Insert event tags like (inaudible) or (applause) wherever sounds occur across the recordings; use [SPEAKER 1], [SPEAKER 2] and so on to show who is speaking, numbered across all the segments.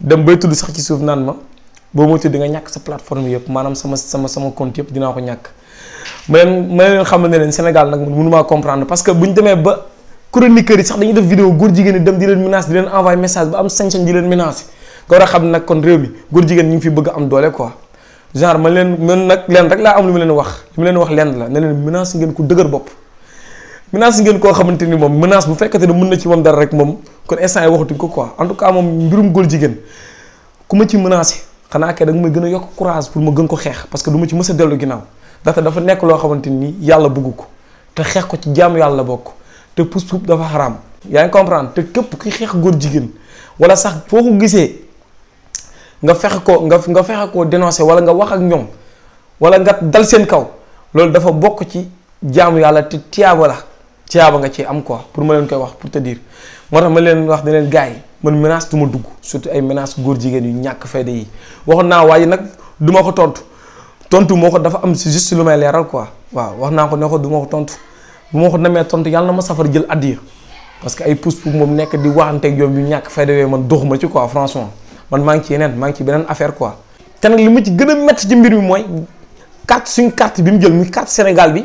[SPEAKER 1] dem bay tudd sax ci suuf naan ma boo moytuwul di nga ñàkk sa plateforme yëpp maanaam sama sama sama compte yëpp dinaa ko ñàkk. ma leen ma leen xamal parce que bu demee ba chroniqueurs yi sax dañuy def vidéo góor jigéen ñi dem di di leen envoyé message ba am sañ-sañ di leen menace nga war a xam nag kon réew mi góor jigéen ñu fi bëgg am doole quoi. genre ma leen man nag leen rek laa am lu ma leen wax li ma leen wax leen la ne leen menace ngeen ku dëgër bopp menace ngeen koo xamante ni moom menace bu fekkate ne mën na ci moom dara rek moom kon instant yi waxatuñ ko quoi en tout cas moom mbirum góor jigéen ku ma ci menacé xanaa kay da may gën a yokk courage pour ma gën ko xeex parce que du ma ci mës a dellu ginnaaw ndaxte dafa nekk loo xamante ni yàlla bëgg ko te xeex ko ci jaamu yàlla bokk te pousse pousse dafa xaraam yaa ngi comprendre te képp kuy xeex góor jigéen wala sax foo ko gisee nga fex ko nga nga fexe koo dénoncé wala nga wax ak ñoom wala nga dal seen kaw loolu dafa bokk ci jaamu yàlla te tiyaaba la tiyaaba nga ci am quoi pour ma leen koy wax pour te dire moo tax ma leen wax ne leen gars yi man menace du ma dugg surtout ay menace góor jigéen yu ñàkk fayda yi waxoon naa waaye nag du ko tontu tontu moo ko dafa am si leeral quoi waaw wax naa ko ne ko duma ko tontu bu ma ko namee tontu yàlla na ma safar jël addiya parce que ay pousse pour moom nekk di waxanteeg yoon yu ñàkk fayda yooyu man doxuma ci quoi franchement man maa ngi ci yeneen maa ngi ci beneen affaire quoi. te nag li ma ci gën a métti ci mbir mi mooy carte suñu carte bi mu jël muy carte Sénégal bi.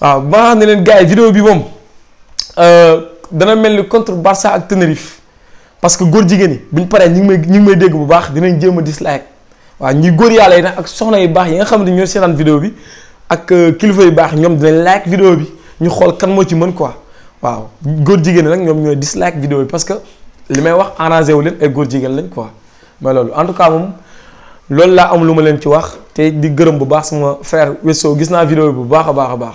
[SPEAKER 1] waaw ba nga xam ne leen gars yi vidéo bi moom euh, dana mel ni contre Barça ak Tenerife parce que góor jigéen yi bu ñu paree ñu ngi may ñu ngi may dégg bu baax dinañ jéem a dislike waaw ñi góor yàlla yi nag ak soxna yu baax yi nga xam ne ñoo seetaan vidéo bi ak euh, kilifa yu baax ñoom dinañ like vidéo bi ñu xool kan moo ci mën quoi waaw góor jigéen nag ñoom ñooy dislike vidéo bi parce que li may wax arrangé wu leen ay góor jigéen lañ quoi mais loolu en tout cas moom loolu laa am lu ma leen ci wax te di gërëm bu baax sama frère Wesso gis naa vidéo bi bu baax a baax a baax.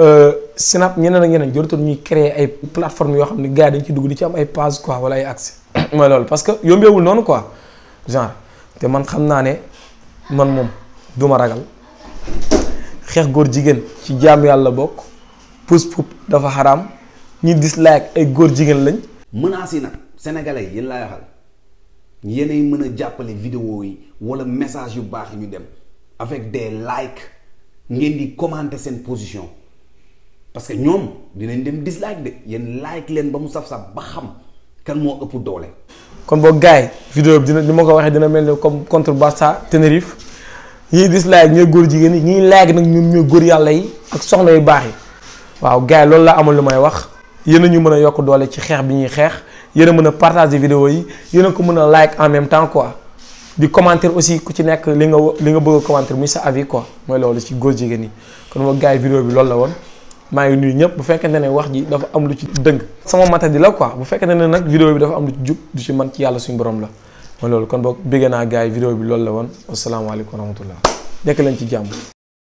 [SPEAKER 1] Euh, Snap ñeneen ak ñeneen ñuy créer ay plateformes yoo xam gars dañ ci dugg di ci am ay page quoi wala ay accès (coughs) mooy parce que yombeewul noonu quoi genre te man xam naa ne man moom duma ragal xeex góor jigéen ci yàlla bokk dafa haram ñi dislike ay góor jigéen lañ. menaces yi nag sénégalais yéen laay waxal mën a jàppale vidéo yi wala message yu baax ñu dem avec des likes ngeen di commenter seen position parce que ñoom dinañ dem dislike de yeen like leen ba mu saf sa ba xam kan moo ëpp doole. kon boo gaay vidéo bi dina ni ma ko waxee dina mel ni comme contre Barça Tenerife ñiy dislike ñooy góor jigéen ñi ñiy like nag ñoom ñooy góor yàlla yi ak soxna yu baax yi waaw gaay loolu laa amoon lu may wax yéen a ñu mën a yokk doole ci xeex bi ñuy xeex yéen a mën a partager vidéo yi yéen a ko mën a like en même temps quoi di commentaire aussi ku ci nekk li nga li nga bëgg a commentaire muy sa avis quoi mooy loolu ci góor jigéen yi kon boo gaay vidéo bi loolu la woon. maa ngi nuyu ñëpp bu fekkente ne wax ji dafa am lu ci dëng sama matadi la quoi bu fekkente ne nag vidéo bi dafa am lu ci jub du ci man ci yàlla suñu borom la mooy loolu kon boog bëgg naa gars yi vidéo bi loolu la woon wasalaamaaleykum wa rahmatullah nekk leen ci jàmm